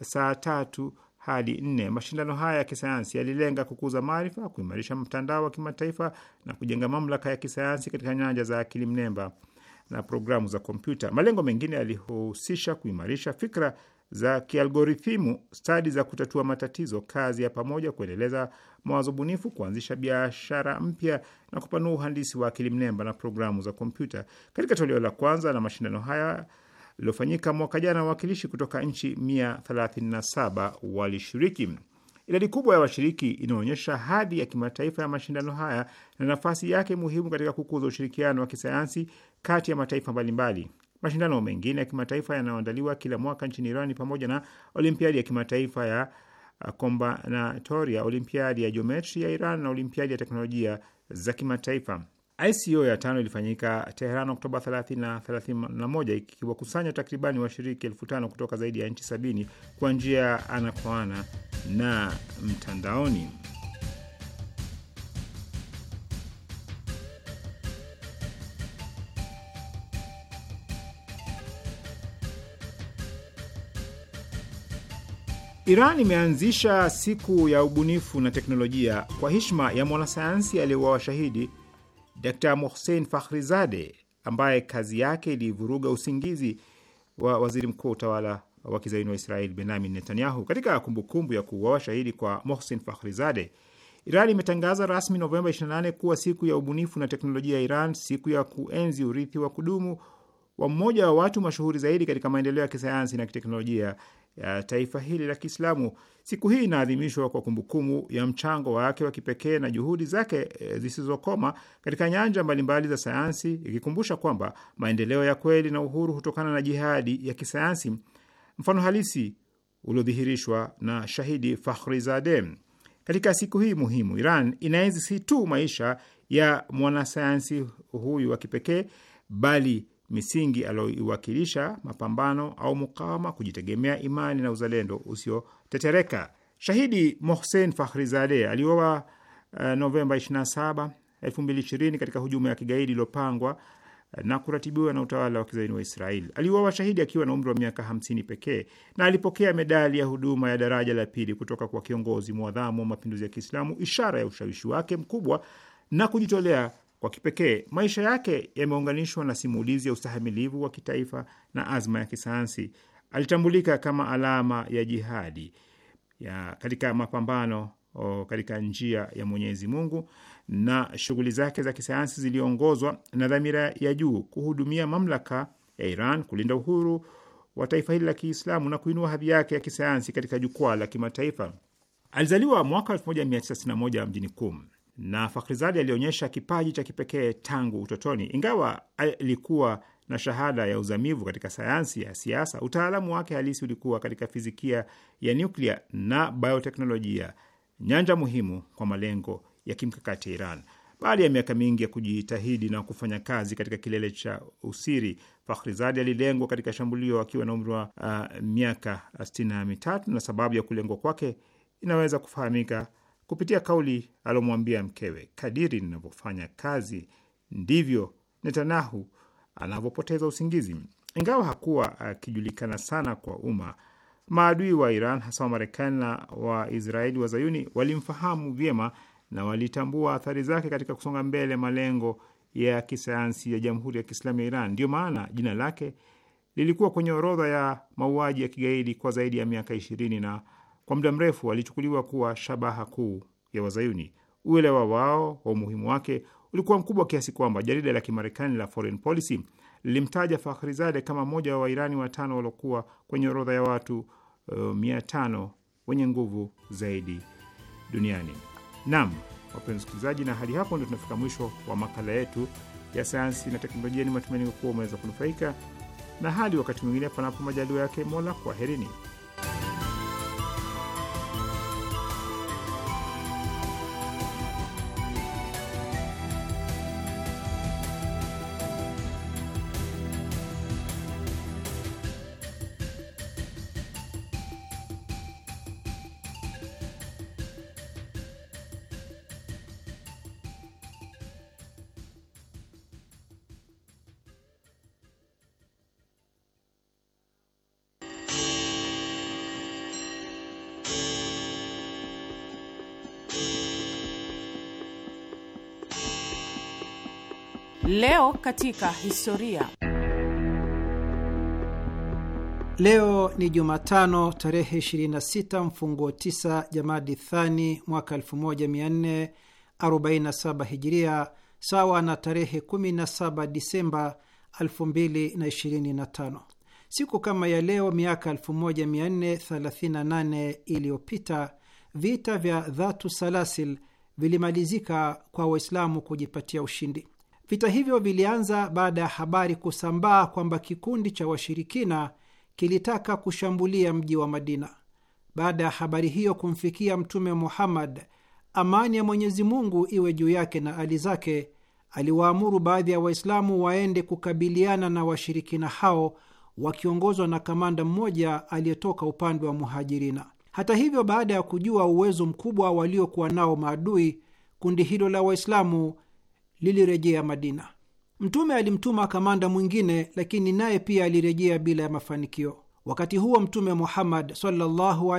saa tatu hadi nne. Mashindano haya ya kisayansi yalilenga kukuza maarifa, kuimarisha mtandao wa kimataifa na kujenga mamlaka ya kisayansi katika nyanja za akili mnemba na programu za kompyuta. Malengo mengine yalihusisha kuimarisha fikra za kialgorithimu, stadi za kutatua matatizo, kazi ya pamoja, kuendeleza mawazo bunifu, kuanzisha biashara mpya na kupanua uhandisi wa akili mnemba na programu za kompyuta. Katika toleo la kwanza la mashindano haya uliofanyika mwaka jana, wawakilishi kutoka nchi 137 walishiriki. Idadi kubwa ya washiriki inaonyesha hadhi ya kimataifa ya mashindano haya na nafasi yake muhimu katika kukuza ushirikiano wa kisayansi kati ya mataifa mbalimbali. Mashindano mengine ya kimataifa yanayoandaliwa kila mwaka nchini Iran pamoja na olimpiadi ya kimataifa ya kombanatoria, olimpiadi ya jiometri ya Iran na olimpiadi ya teknolojia za kimataifa. ICO ya tano ilifanyika Teheran Oktoba 30 na 31 ikiwakusanya takribani washiriki elfu tano kutoka zaidi ya nchi sabini kwa njia ya ana kwa ana na mtandaoni. Iran imeanzisha siku ya ubunifu na teknolojia kwa heshima ya mwanasayansi aliyeuawa shahidi Dr Mohsen Fakhrizade ambaye kazi yake ilivuruga usingizi wa waziri mkuu wa utawala wa kizaini wa Israel Benyamin Netanyahu. Katika kumbukumbu ya kuuawa shahidi kwa Mohsen Fakhrizade, Iran imetangaza rasmi Novemba 28 kuwa siku ya ubunifu na teknolojia ya Iran, siku ya kuenzi urithi wa kudumu wa mmoja wa watu mashuhuri zaidi katika maendeleo ya kisayansi na kiteknolojia ya taifa hili la Kiislamu. Siku hii inaadhimishwa kwa kumbukumbu ya mchango wake wa kipekee na juhudi zake eh, zisizokoma katika nyanja mbalimbali za sayansi, ikikumbusha kwamba maendeleo ya kweli na uhuru hutokana na jihadi ya kisayansi, mfano halisi uliodhihirishwa na shahidi Fakhrizadeh. Katika siku hii muhimu, Iran inaenzi si tu maisha ya mwanasayansi huyu wa kipekee, bali misingi aliyoiwakilisha mapambano au mukawama, kujitegemea, imani na uzalendo usiotetereka. Shahidi Mohsen Fakhrizadeh aliuawa uh, eh, Novemba 27, 2020 katika hujuma ya kigaidi iliyopangwa eh, na kuratibiwa na utawala wa kizaini wa Israeli. Aliuawa shahidi akiwa na umri wa miaka 50 pekee na alipokea medali ya huduma ya daraja la pili kutoka kwa kiongozi mwadhamu wa mapinduzi ya Kiislamu, ishara ya ushawishi wake mkubwa na kujitolea kwa kipekee. Maisha yake yameunganishwa na simulizi ya ustahamilivu wa kitaifa na azma ya kisayansi. Alitambulika kama alama ya jihadi ya katika mapambano o, katika njia ya Mwenyezi Mungu, na shughuli zake za kisayansi ziliongozwa na dhamira ya juu kuhudumia mamlaka ya Iran, kulinda uhuru wa taifa hili la Kiislamu na kuinua hadhi yake ya kisayansi katika jukwaa la kimataifa. Alizaliwa mwaka 1961 mjini Kum na Fakhrizadi alionyesha kipaji cha kipekee tangu utotoni. Ingawa alikuwa na shahada ya uzamivu katika sayansi ya siasa, utaalamu wake halisi ulikuwa katika fizikia ya nyuklia na bioteknolojia, nyanja muhimu kwa malengo ya kimkakati ya Iran. Baada ya miaka mingi ya kujitahidi na kufanya kazi katika kilele cha usiri, Fakhrizadi alilengwa katika shambulio akiwa na umri wa uh, miaka sitini na mitatu, na sababu ya kulengwa kwake inaweza kufahamika kupitia kauli alomwambia mkewe, kadiri ninavyofanya kazi ndivyo Netanyahu anavyopoteza usingizi. Ingawa hakuwa akijulikana sana kwa umma, maadui wa Iran hasa wa Marekani na Waisraeli wa Zayuni walimfahamu vyema na walitambua athari zake katika kusonga mbele malengo ya kisayansi ya Jamhuri ya Kiislamu ya Iran. Ndiyo maana jina lake lilikuwa kwenye orodha ya mauaji ya kigaidi kwa zaidi ya miaka ishirini na kwa muda mrefu walichukuliwa kuwa shabaha kuu ya Wazayuni. Uelewa wao wa umuhimu wake ulikuwa mkubwa kiasi kwamba jarida la Kimarekani la Foreign Policy lilimtaja Fakhrizade kama mmoja wa Wairani watano waliokuwa kwenye orodha ya watu uh, mia tano wenye nguvu zaidi duniani. nam wapenzi wasikilizaji, na hadi hapo ndio tunafika mwisho wa makala yetu ya sayansi na teknolojia. Ni matumaini kuwa umeweza kunufaika, na hadi wakati mwingine, panapo majaliwa yake Mola, kwaherini. katika historia. Leo ni Jumatano tarehe 26 mfunguo 9 Jamadi Thani mwaka 1447 Hijiria, sawa na tarehe 17 Disemba 2025. Siku kama ya leo miaka 1438 iliyopita vita vya Dhatu Salasil vilimalizika kwa Waislamu kujipatia ushindi. Vita hivyo vilianza baada ya habari kusambaa kwamba kikundi cha washirikina kilitaka kushambulia mji wa Madina. Baada ya habari hiyo kumfikia Mtume Muhammad, amani ya Mwenyezi Mungu iwe juu yake na ali zake, aliwaamuru baadhi ya Waislamu waende kukabiliana na washirikina hao wakiongozwa na kamanda mmoja aliyetoka upande wa Muhajirina. Hata hivyo, baada ya kujua uwezo mkubwa waliokuwa nao maadui, kundi hilo la Waislamu lilirejea Madina. Mtume alimtuma kamanda mwingine, lakini naye pia alirejea bila ya mafanikio. Wakati huo Mtume Muhammad sallallahu wa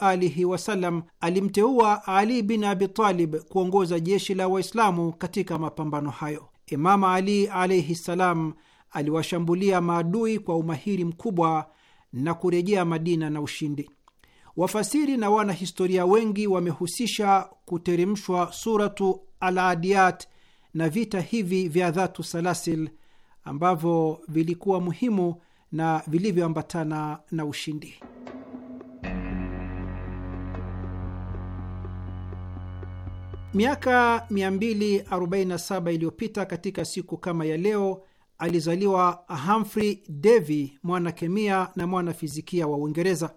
alihi wasallam alimteua Ali bin Abi Talib kuongoza jeshi la Waislamu katika mapambano hayo. Imamu Ali alaihi ssalam aliwashambulia maadui kwa umahiri mkubwa na kurejea Madina na ushindi. Wafasiri na wanahistoria wengi wamehusisha kuteremshwa Suratu Al Adiyat na vita hivi vya Dhatu Salasil ambavyo vilikuwa muhimu na vilivyoambatana na ushindi. Miaka 247 iliyopita katika siku kama ya leo alizaliwa Humphrey Davy, mwana kemia na mwana fizikia wa Uingereza.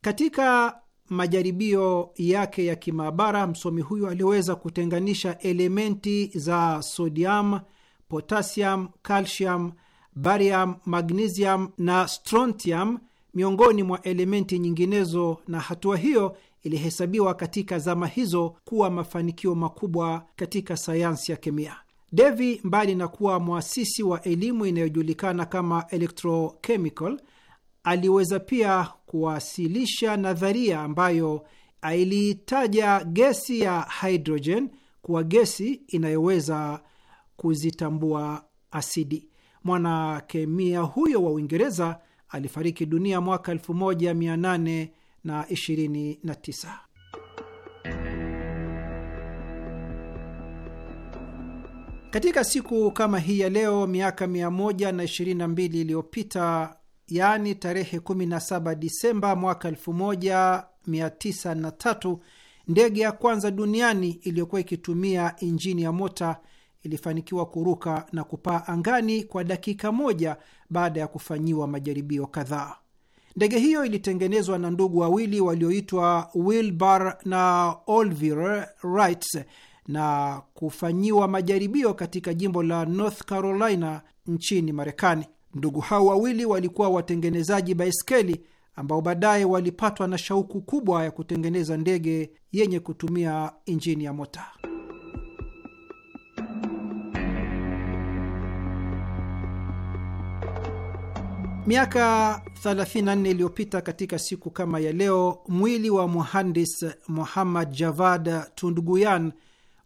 Katika majaribio yake ya kimaabara, msomi huyu aliweza kutenganisha elementi za sodium, potassium, calcium, barium, magnesium na strontium miongoni mwa elementi nyinginezo, na hatua hiyo ilihesabiwa katika zama hizo kuwa mafanikio makubwa katika sayansi ya kemia. Devi, mbali na kuwa mwasisi wa elimu inayojulikana kama electrochemical, aliweza pia kuwasilisha nadharia ambayo iliitaja gesi ya hidrojeni kuwa gesi inayoweza kuzitambua asidi. Mwanakemia huyo wa Uingereza alifariki dunia mwaka 1829. Katika siku kama hii ya leo miaka 122 iliyopita yaani tarehe 17 Disemba mwaka 1903 ndege ya kwanza duniani iliyokuwa ikitumia injini ya mota ilifanikiwa kuruka na kupaa angani kwa dakika moja baada ya kufanyiwa majaribio kadhaa. Ndege hiyo ilitengenezwa na ndugu wawili walioitwa Wilbur na Orville Wright na kufanyiwa majaribio katika jimbo la North Carolina nchini Marekani. Ndugu hao wawili walikuwa watengenezaji baiskeli ambao baadaye walipatwa na shauku kubwa ya kutengeneza ndege yenye kutumia injini ya mota. Miaka 34 iliyopita katika siku kama ya leo, mwili wa muhandis Muhammad Javad Tundguyan,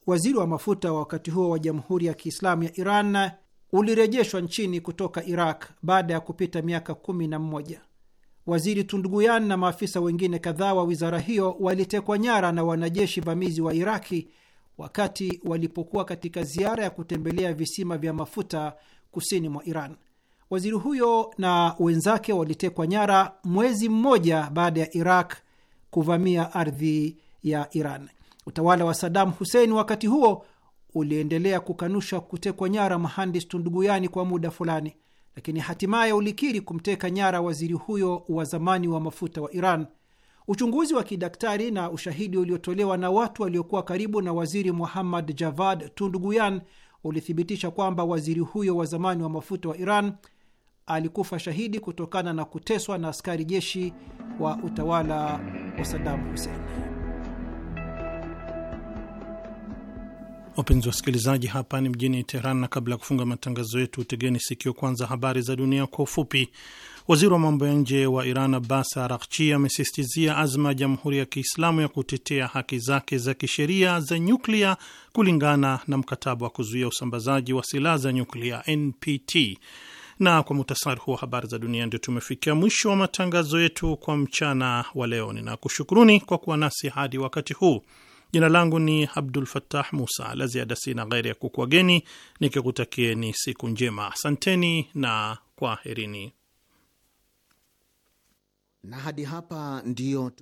waziri wa mafuta wa wakati huo wa Jamhuri ya Kiislamu ya Iran ulirejeshwa nchini kutoka Iraq baada ya kupita miaka kumi na mmoja. Waziri Tunduguyan na maafisa wengine kadhaa wa wizara hiyo walitekwa nyara na wanajeshi vamizi wa Iraki wakati walipokuwa katika ziara ya kutembelea visima vya mafuta kusini mwa Iran. Waziri huyo na wenzake walitekwa nyara mwezi mmoja baada ya Iraq kuvamia ardhi ya Iran. Utawala wa Saddam Hussein wakati huo uliendelea kukanusha kutekwa nyara mhandis Tunduguyani kwa muda fulani, lakini hatimaye ulikiri kumteka nyara waziri huyo wa zamani wa mafuta wa Iran. Uchunguzi wa kidaktari na ushahidi uliotolewa na watu waliokuwa karibu na waziri Muhammad Javad Tunduguyan ulithibitisha kwamba waziri huyo wa zamani wa mafuta wa Iran alikufa shahidi kutokana na kuteswa na askari jeshi wa utawala wa Saddam Hussein. Wapenzi wasikilizaji, hapa ni mjini Teheran, na kabla ya kufunga matangazo yetu, tegeni sikio kwanza habari za dunia kwa ufupi. Waziri wa mambo ya nje wa Iran Abbas Araghchi amesisitizia azma ya Jamhuri ya Kiislamu ya kutetea haki zake za kisheria za nyuklia kulingana na mkataba wa kuzuia usambazaji wa silaha za nyuklia NPT. Na kwa muhtasari huo habari za dunia, ndio tumefikia mwisho wa matangazo yetu kwa mchana wa leo. Ninakushukuruni kwa kuwa nasi hadi wakati huu. Jina langu ni Abdul Fattah Musa. La ziada sina ghairi ya kukwageni nikikutakieni siku njema. Asanteni na kwaherini. Na hadi hapa ndio